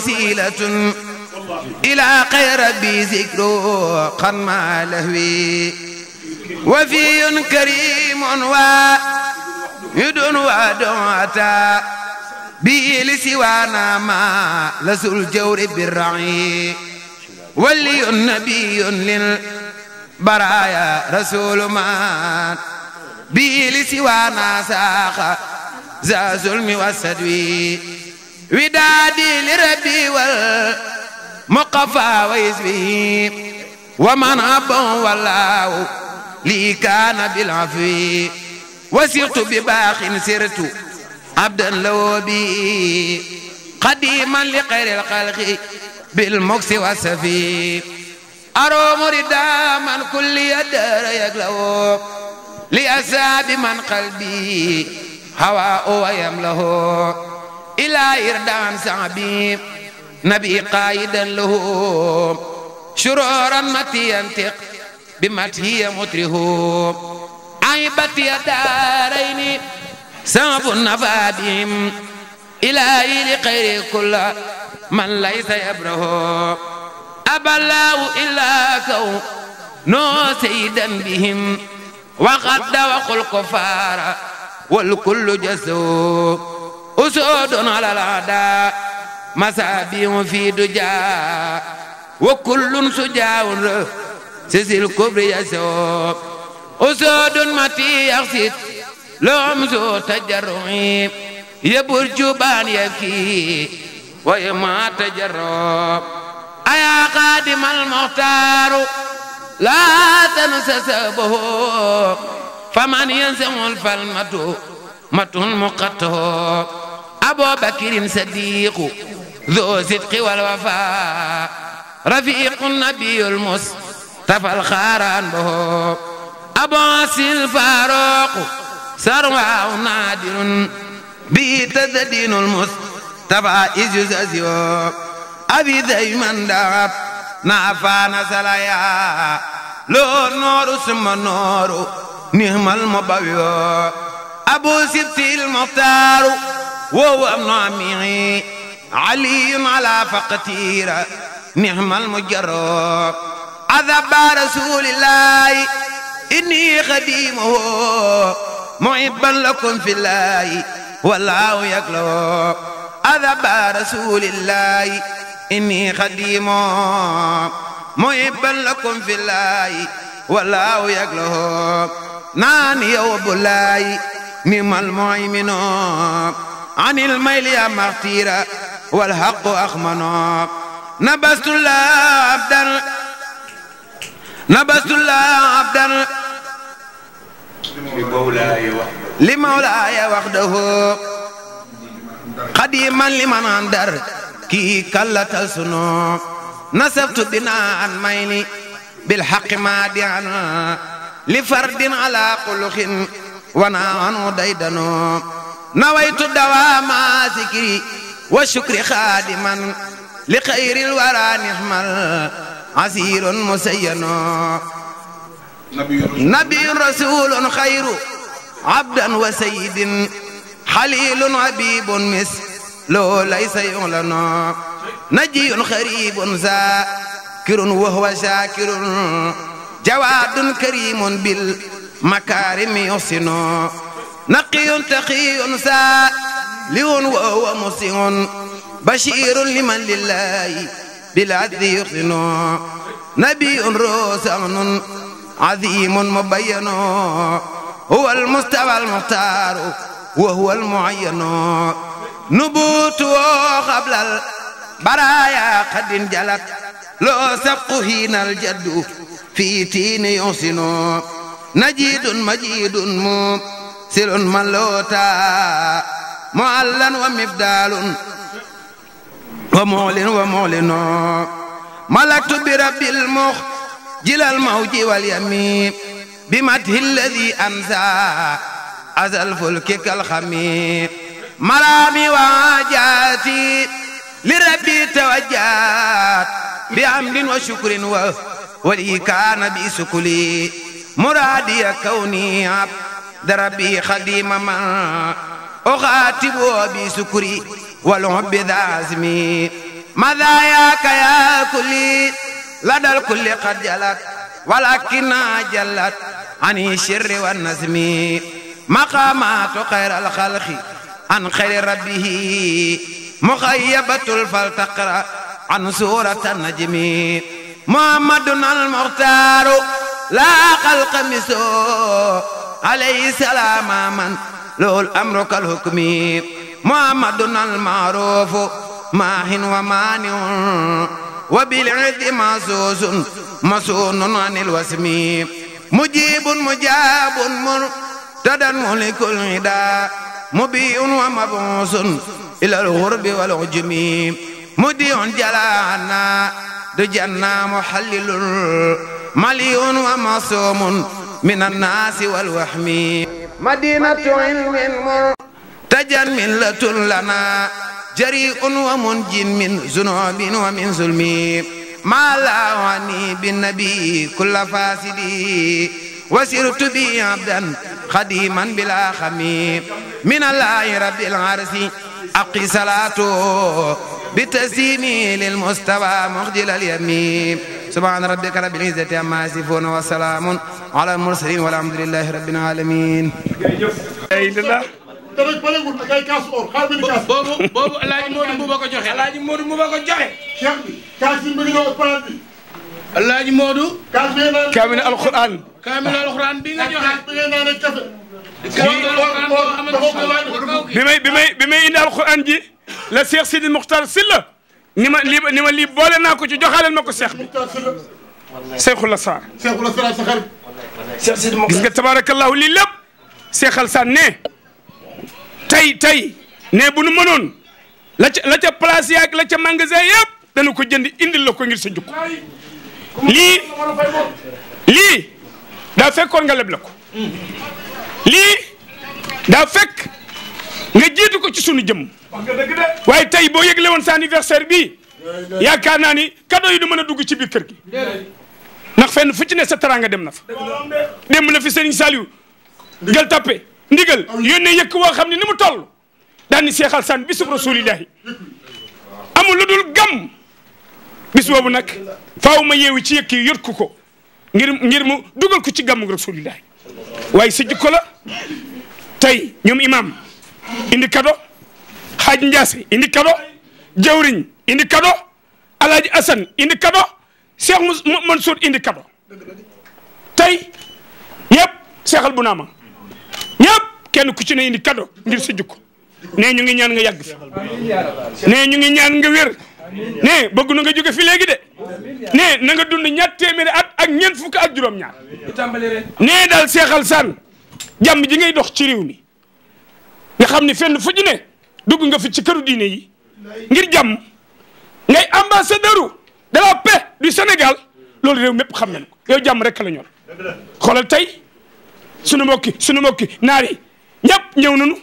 وسيلة إلى خير ربي ذكره قد ما لهوي وفي كريم ويد ودعتا به لسوانا ما لسو الجور بالرعي ولي نبي للبرايا رسول مان به لسوانا ساخ ذا ظلم والسدوي ودادي لربي والمقفى ويزبي ومن أب والله لي كان بالعفو وسرت بباق سرت عبدا لو بي قديما لخير الخلق بالمكس والسفي أروم ردا من كل يدار يقلو لأساب من قلبي هواء ويملهو إلى إردان سعبي نبي قائدا له شرورا متي ينطق بمتي متره عيبت يدارين سعب النفادهم إلهي لخير كل من ليس يبره أبى الله إلا كون نو سيدا بهم وغد وقل كفار والكل جسوب أسود على الأعداء مسابيح في دجا وكل سجاع سيسي الكبر يسوب أسود متي يغسد لهم سو تجرعي يبر جبان يبكي ويما تجرب أيا قادم المختار لا تنسى سبه فمن ينسم الفلمة مت مقته أبو بكر صديق ذو صدق والوفاء رفيق النبي المصطفى الخاران به أبو عاصي الفاروق سرواء نادر به تدين المصطفى إذ يزازيو أبي دايما دعب نعفان سلايا لو نور ثم نور نهم المبوي أبو سبتي المختار woowu am naami aliyun ala faqatira nihmal mujarrab adaba rasulillahi inni xadimuhu muhibban lakum fillahi wallahu yaklawo adaba rasulillahi inni xadimuhu muhibban lakum fillahi wallahu yaklawo naan yow bulaay nimal mu'minu عن الميل يا مغتيرا والحق أخمنا نبست الله عبدا نبست الله عبدا لمولاي وحده لمولاي وحده قديما لمن اندر كي كلت السنو نسفت بنا عن ميلي بالحق ما دعنا لفرد على قلخ ونا عنه ديدنو nawaytu dawaama zikri wa shukri xaadiman li xayril wara nixmal asirun musayyano nabiyun rasulun xayru abdan wa sayyidin xalilun habibun mis loo laysa yuxlano najiyun xaribun zakirun wa huwa shakirun jawaadun karimun bil makarimi yuxsino naqiyun taqiyun saalihun wa huwa musihun bashirun liman lillahi biladi yuxsinu nabiyun rosanun azimun mubayyanu huwa almustawa almuxtaaru wa huwa almuayyanu nubuutu qablal baraaya qadin jalat loo sabqu hiinal jaddu fii tiini yuxsinu najiidun majiidun mu سر ملوتا معلا ومبدال ومعلن ومعلن ملكت برب المخ جل الموج واليمين بمده الذي أمسى أذى الفلك كالخمير مرامي وعاجاتي لربي توجهت بعمل وشكر وولي كان بسكلي مرادي كوني عبد دربي خديم ما أخاتب بسكري والحب ذازمي مذاياك يا كلي لدى الكل قد جلت ولكن جلت عن الشر والنزم مقامات خير الخلق عن خير ربه مخيبة فلتقرأ عن سورة النجم محمد المختار لا خلق مثله عليه سلام من له الأمر كالحكم محمد المعروف ماح ومانع وبالعد معزوز مسون عن الوسم مجيب مجاب مرتدى ملك الهدى مبيع ومبعوث إلى الغرب والعجم مديع جلانا دجنا محلل مليء ومصوم من الناس والوهم مدينة علم تجن ملة لنا جريء ومنج من ذنوب ومن ظلم ما لا واني بالنبي كل فاسدي وسرت بي عبدا خديما بلا خميم من الله رب العرس أبقي صلاته بتسليمي للمستوى مخجل اليمين subhaana rabbika rabbil izzati amma yasifuun wa salaamun ala al-mursaliin walhamdulillahi rabbil aalamiin te rek bële wut da ngay kaas or xaaral bi di kaas. boobu boobu El Hadj Modou Mbuba ko joxe El Hadj Modou Mbuba ko joxe. Cheikh bi kaas bi mu ngi doon plan bi. El Hadj Modou. kaas bi nga naan kaamil alxuraan. kaamil alxuraan bi nga joxe. bi nga naan ak café. bi may bi may bi may indi alxuraan ji la Cheikh Sidi Muxtar Sylla ni ma lii ni ma lii boole naa ko ci joxaaleel ma ko seex bi seexul asaar seexul asaar sa xarit gis nga tabaarakallaahu lii lépp seexal saan ne tey tey ne bu nu mënoon la ca la ca place yaag la ca magasin yëpp dana ko jënd indil la ko ngir sa jukk lii lii daa fekkoon nga leb la ko lii daa fekk nga jiitu ko ci sunu jëmm waaye tey boo yëgle woon sa anniversaire bi yaakaar naa ni cadeau yi du mën a dugg ci biir kër gi ndax fenn fu ci ne sa teraanga dem na fa dem na fi Serigne Saliou gël tappe ndigal yónnee yëkk woo xam ne ni mu toll daan ni Cheikh Alassane bisub rasulillahi amul lu dul gam bis boobu nag faaw ma yeewu ci yëkk yi yot ko ngir ngir mu dugal ko ci gàmmu rasulillahi waaye sa jikko la tey imam indi cadeau Alhaji Ndiasse indi kado jawriñ indi kado Alhaji Assane indi kado man Mansour indi kado tey ñëpp seexal bu ma ñëpp kenn ku ci ne indi kado ngir sa jukko nee ñu ngi ñaan nga yàgg fi nee ñu ngi ñaan nga wér nee bëgg na nga jóge fi léegi de nee na nga dund ñaar téeméeri at ak ñeent fukk ak juróom-ñaar nee daal seexal saan jàmm ji ngay dox ci réew mi nga xam ne fenn fu ci ne dugg nga fi ci këru diine yi ngir jàmm ngay ambassadeur de la paix du Sénégal loolu réew mépp xam nañ ko yow jàmm rek la ñor xoolal tey sunu mbokki sunu mbokki naar yi ñëpp ñëw nañu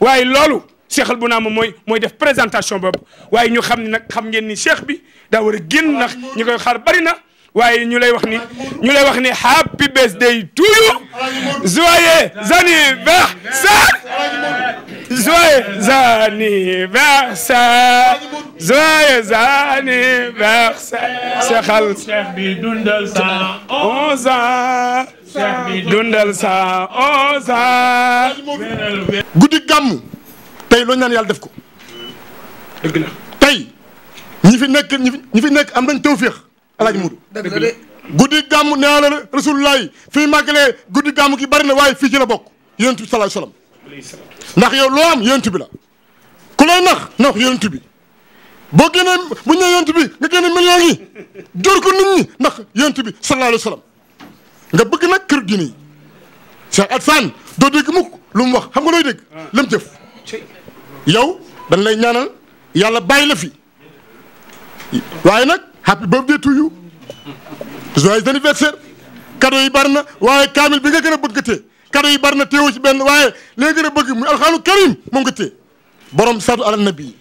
waaye loolu seexal bu naa moom mooy mooy def présentation boobu waaye ñu xam ne nag xam ngeen ni cheikh bi daa war a ñu koy bari na waaye ñu lay wax ni ñu lay wax ni happy birthday to you joyeux anniversaire Joyeux anniversaire joyeux anniversaire Seexal Seex bi dundal cent onze ans Seex bi dundal cent onze guddi gàmmu tey loo ñaan yàlla def ko dëgg la tey ñi fi nekk ñi fi nekk am nañ tawféex alaaji Moodu guddi gàmmu nee na la Rasulullah fii màggalee guddi gàmmu ki bari na waaye fii ci la bokk yonent bi sallallahu alayhi wa ndax yow loo am yonent bi la ku lay nax nax yonent bi boo génnee bu ñëwee yonent bi nga génne millions yi jor ko nit ñi ndax yonent bi sallallahu alayhi nga bëgg nag kër gi nii Cheikh Alassane doo dégg mukk lu mu wax xam nga looy dégg ah. lam jëf yow dañ lay ñaanal yàlla bàyyi la fi waaye nag happy birthday to you joyeux anniversaire cadeau yi bari na waaye kaamil bi nga gën a bëgg tee kado yi bari na téewu ci benn waaye léegi gën a bëgg muy alxaanu karim moom nga téye borom saatu ala nabi yi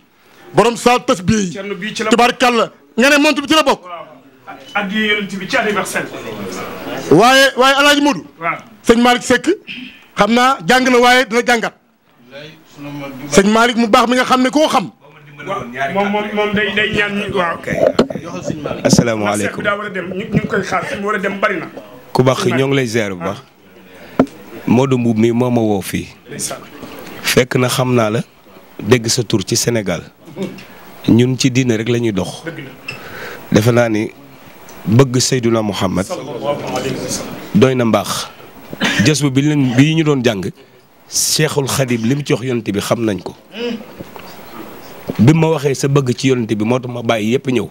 borom saatu tasbih yi tubaarkàlla nga ne mont bi ci la bokk ak yonent bi ci anniversaire waaye waaye alaaji Modou sëñ Malick Seck xam naa jàng na waaye dina jàngat sëñ Malick mu baax mi nga xam ne koo xam moom moom moom day day ñaan waaw asalaamaaleykum ñu ngi koy xaar fi mu war a dem bari na ku baax ñoo ngi lay ziar bu baax moo Modou Mbuub mii moo ma woo fii fekk na xam naa la dégg sa tur ci senegal ñun ci diina rek la ñuy dox defe naa ni bëgg Seyduna Muhammad doy na mbaax jës bu bi leen ñu doon jàng Cheikhul Khadim li mu yonent bi xam nañ ko bi ma waxee sa bëgg ci yonent bi moo tax ma bàyyi yëpp ñëw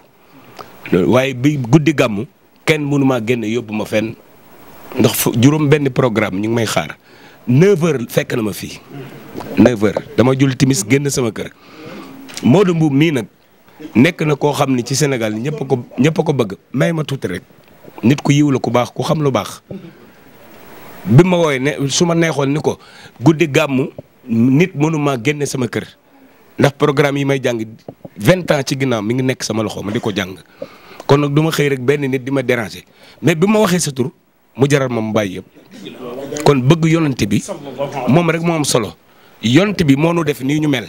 waaye bi guddi gàmm kenn mënu maa génn yóbbu ma fenn ndax fu juróom benn programme ñu ngi may xaar 9h fekk na ma fii 9h dama jul timis génn sama kër Modou Mbuub mii nag nekk na koo xam ni ci Sénégal ñëpp ko ñëpp ko bëgg may ma tuuti rek nit ku yiw la ku baax ku xam lu baax. bi ma wooyee ne su ma neexoon ni ko guddi gàmmu nit mënuma génne sama kër ndax programme yi may jàng vingt ans ci ginnaaw mi ngi nekk sama loxo ma di ko jàng kon nag du ma xëy benn nit di ma déranger mais bi ma waxee sa tur mu jaral ma mu bàyyi yëpp kon bëgg yonent bi moom rek moo am solo yonent bi moo nu def nii ñu mel.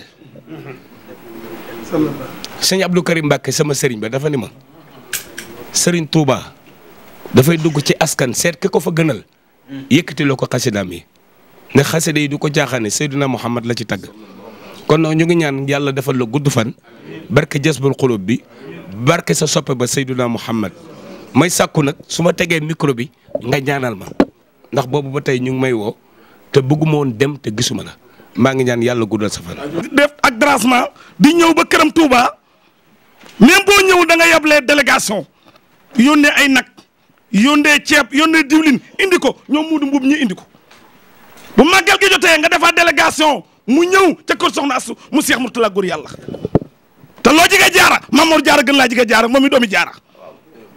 sëñ Abdou Karim Mbacke sama sëriñ ba dafa ni ma sëriñ Touba dafay dugg ci askan seet ki ko fa gënal yëkkati ko xasidaam yi nga xasida yi du ko jaaxaane Seydina Muhammad la ci tagg kon noo ñu ngi ñaan yàlla defal la gudd fan barke jasbul xulub bi barke sa soppe ba Seydina Muhammad may sàkku nag su ma tegee micro bi nga ñaanal ma ndax boobu ba tey ñu ngi may woo te bëgguma woon dem te gisuma na maa ngi ñaan yàlla guddal sa fan. def ak dérangement di ñëw ba këram Touba même boo ñëw da nga yablee délégation yónnee ay nag yónnee ceeb yónnee diwlin indi ko ñoom muudu mbub ñi indi ko bu màggal gi jotee nga defaat délégation mu ñëw ca kër Soxna Astou mu Seex Murtala góor yàlla te loo jige jaara Mamour jaara gën laa jige jaara moom i doomi jaara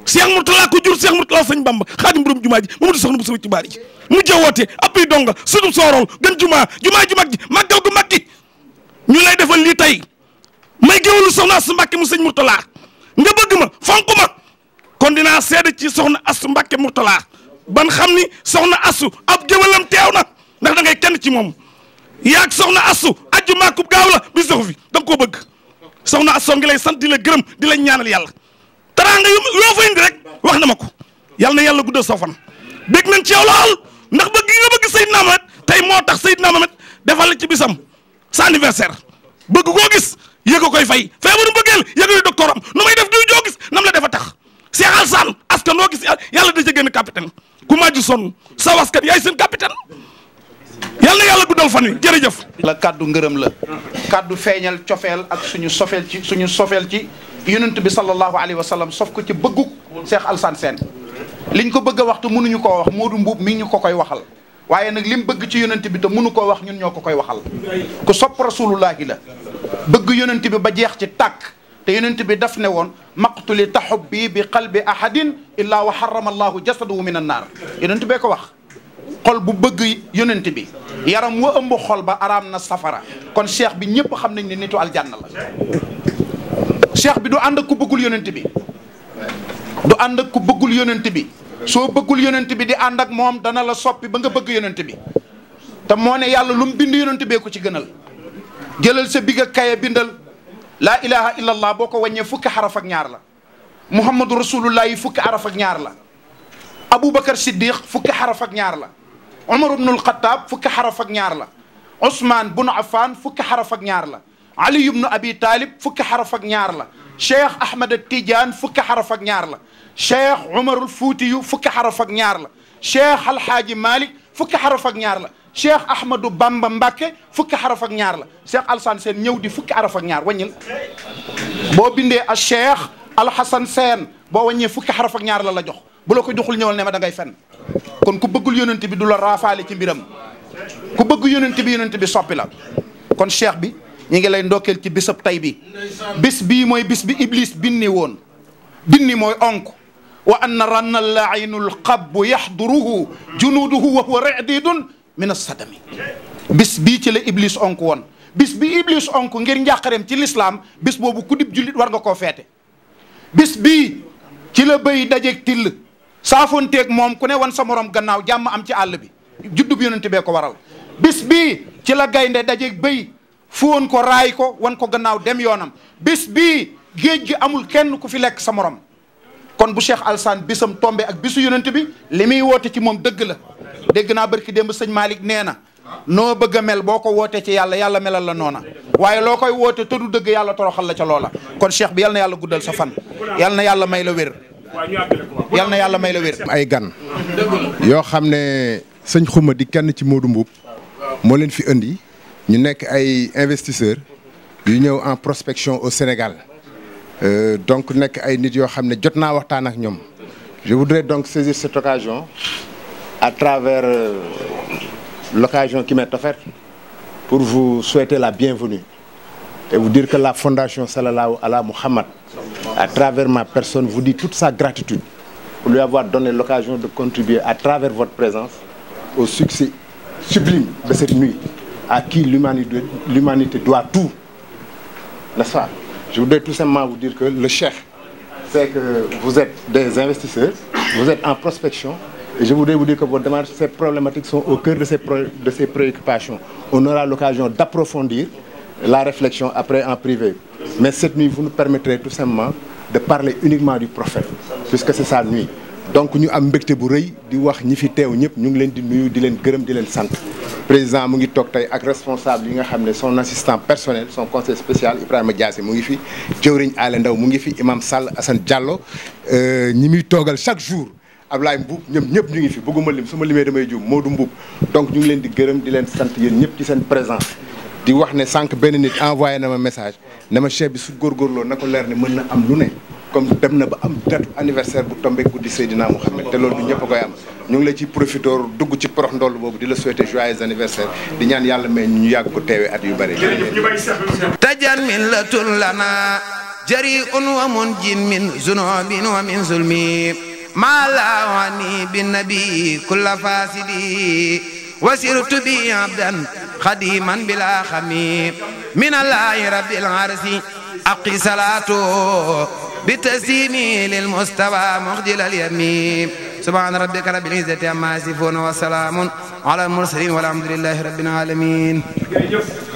Cheikh Mourtala ko jur Cheikh Mourtala sëñ Bamba xaadim borom jumaa ji Mamadou soxna bu sama ci baar ji mu jawoote appui donga sudub soorool gën jumaa jumaa ju mag ji màggal gu mag gi ñu lay defal lii tey may géwalu soxna Astu Mbàkke mu sëñ Mourtala nga bëgg ma fonk ma kon dinaa seede ci soxna Astu Mbàkke Mourtala ban xam ni soxna Astu ab géwalam teew na ndax da ngay kenn ci moom yaag soxna Astu ajju màkkub gaaw la bi sox fi da koo bëgg soxna Astu ngi lay sant di la gërëm di la ñaanal yàlla teraanga yu loo fa indi rek wax na ma ko yàlla na yàlla guddal sa fan bég nañ ci yow lool ndax bëgg nga bëgg ma Mohamed tey moo tax ma Mohamed defal la ci bisam sa anniversaire bëgg koo gis yëg a koy fay feebaru bëggeel yëg a doctoram nu may def duy joo gis nam la defa tax Cheikh Alassane askan noo gis yàlla da ca génn capitaine ku maa ji sonn sa waskan yaay seen capitaine yàlla yàlla guddal fan wi jërëjëf. la kàddu ngërëm la. kàddu feeñal cofeel ak suñu sofeel ci suñu sofeel ci. yonent bi sallallahu alayhi wa sallam sof ko ci bëggug Cheikh Alassane Sène liñ ko bëgg a waxtu mënuñu ko wax Modou Mbuub mi ñu ko koy waxal waaye nag lim bëgg ci yonent bi te mënu koo wax ñun ñoo ko koy waxal ku sopp rasulullahi la bëgg yonent bi ba jeex ci tàkk te yonent bi daf ne woon maqtuli taxubbi bi qalbi ahadin illaa wa harrama allahu jasadahu min an naar yonent bee ko wax xol bu bëgg yonent bi yaram wa ëmb xol ba araam na safara kon cheikh bi ñëpp xam nañ ne nitu aljanna la cheikh bi du ànd ak ku bëggul yonent bi du ànd ak ku bëggul yonent bi soo bëggul yonent bi di ànd ak moom dana la soppi ba nga bëgg yonent bi te moo ne yàlla lu bind yonent be ko ci gënal jëlal sa big ak kaye bindal laa ilaha illallah boo ko wàññee fukki xaraf ak ñaar la muhammadu rasulullah yi fukki xaraf ak ñaar la aboubacar siddiq fukki xaraf ak ñaar la omar ibnul xataab fukki xaraf ak ñaar la ousmane bunu affan fukki xaraf ak ñaar la ali ibnu abi taalib fukki xaraf ak ñaar la cheikh ahmad tidiane fukki xaraf ak ñaar la cheikh umarul fuutiyu fukki xaraf ak ñaar la cheikh alhaaji malik fukki xaraf ak ñaar la cheikh ahmadou bamba mbàkke fukki xaraf ak ñaar la cheikh alsan seen ñëw di fukki xaraf ak ñaar wàññil boo bindee a cheikh alhasan seen boo wàññee fukki xaraf ak ñaar la la jox bu la ko joxul ñëwal ne ma da ngay fenn kon ku bëggul yonent bi du la raafaale ci mbiram ku bëgg yonent bi yonent bi soppi la kon cheikh bi ñi ngi lay ndokkeel ci bisab tay bi bis bii mooy bis bi iblis binni woon binni mooy onk wa anna ranna la aynul xabbu yaxduruhu junuuduhu wa huwa radidun min assadami bis bii ci la iblis onk woon bis bi iblis onk ngir njàqareem ci lislaam bis boobu ku dib jullit war nga koo feete bis bii ci la béy dajeeg till saafonteeg moom ku ne wan sa morom gannaaw jàmm am ci àll bi juddub yonente bee ko waral bis bii ci la gaynde dajeeg béy fu woon ko raay ko wan ko gannaaw dem yoonam bis bi géej gi amul kenn ku fi lekk sa moroom kon bu Cheikh Alsaan bisam tombé ak bisu yonent bi li muy woote ci moom dëgg la dégg naa barki démb sëñ Malick nee na noo bëgg mel boo ko wootee ci yàlla yàlla melal la noona waaye loo koy woote te du dëgg yàlla toroxal la ca loola kon cheikh bi yal na yàlla guddal sa fan yal na yàlla may la wér na yàlla may la wér ay gan yoo xam ne sëñ xuma di kenn ci Modou mbub moo leen fi indi ñu nekk ay investisseurs yu ñëw en prospection au Sénégal euh, donc nekk ay nit yoo xam ne jot naa waxtaan ak ñoom je voudrais donc saisir cette occasion à travers euh, l'occasion qui m'est offerte pour vous souhaiter la bienvenue et vous dire que la fondation Salallahu Ala Muhammad à travers ma personne vous dit toute sa gratitude pour lui avoir donné l'occasion de contribuer à travers votre présence au succès sublime de cette nuit à qui l'humanité doit tout. N'est-ce pas Je voudrais tout simplement vous dire que le chef, c'est que vous êtes des investisseurs, vous êtes en prospection, et je voudrais vous dire que vos démarches, ces problématiques sont au cœur de ces, pré de préoccupations. On aura l'occasion d'approfondir la réflexion après en privé. Mais cette nuit, vous nous permettrez tout simplement de parler uniquement du prophète, puisque c'est sa nuit. Donc nous avons un bu reuy di wax ñi fi teew ñëpp ñu ngi leen di nuyu di leen gërëm di leen sant président mu ngi toog tey ak responsable yi nga xam ne son assistant personnel son conseil spécial Ibrahima Diassé mu ngi fi jëwriñ ale Ndaw mu ngi fi imam Sall Assane Diallo euh, ñi muy toogal chaque jour Ablaye Mbuub ñoom ñëpp ñu ngi fi bëgguma lim su ma limee damay juum Modou Mbuub donc ñu ngi leen di gërëm di leen sant yéen ñëpp ci seen présence di wax ne sànq benn nit envoyé na ma message na ma chef bi su góorgóorloo na ko leer ne mën na am lu ne comme dem na ba am date anniversaire bu tombé guddi Seydina Mouhamed te loolu du ñëpp koy am ñu ngi la ciy profité dugg ci porox ndoll boobu di la souhaiter joyeux anniversaire di ñaan yàlla may ñu yàgg ko teewee at yu bëri. tajan min la tun lana jari un wa mun jin min zunubin wa min zulmi ma laawani bi nabi kulla fasidi wasirtu bi abdan xadiman bila xami min allahi rabbil arsi aqi salaato بتسليمي للمستوى مخجل اليمين سبحان ربك رب العزة عما يصفون وسلام على المرسلين والحمد لله رب العالمين